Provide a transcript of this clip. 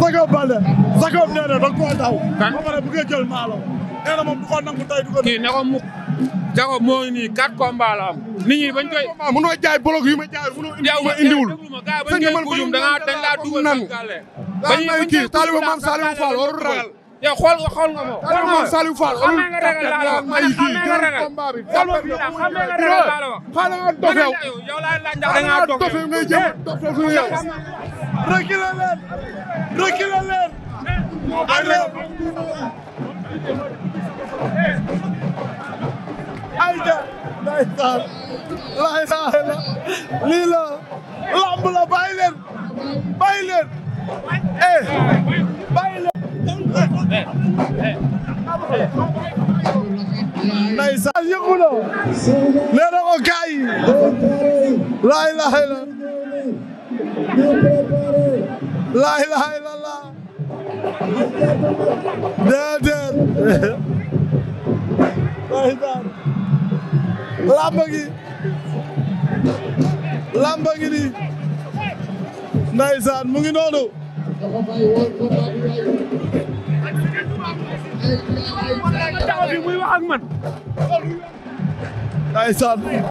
Jacob Balde Jacob nee na da koo daw. kan ba pare bu ngeen jël maalo. nee na moom du ko nangu tey du ko. kii ne ko mu Jacob moo ngi nii quatre combats la am. nit ñi bañ koy mënoo jaay bolok yu jaay mënoo indiwul. sëñ bi man bañ a dugg nangu. may kii Taaliba Maam Saliou Fall warul yow xool nga xool da ngaa dof yow lamb la bàyyi leen bàyyi leen eh. ndeysaan yëngu na nee na ko kaay laa ilaha illa laa ilaha illa laa déedéet gi làmb gi ni ndeysaan mu ngi noonu taxaw bi muy wax ak man. ndeysaan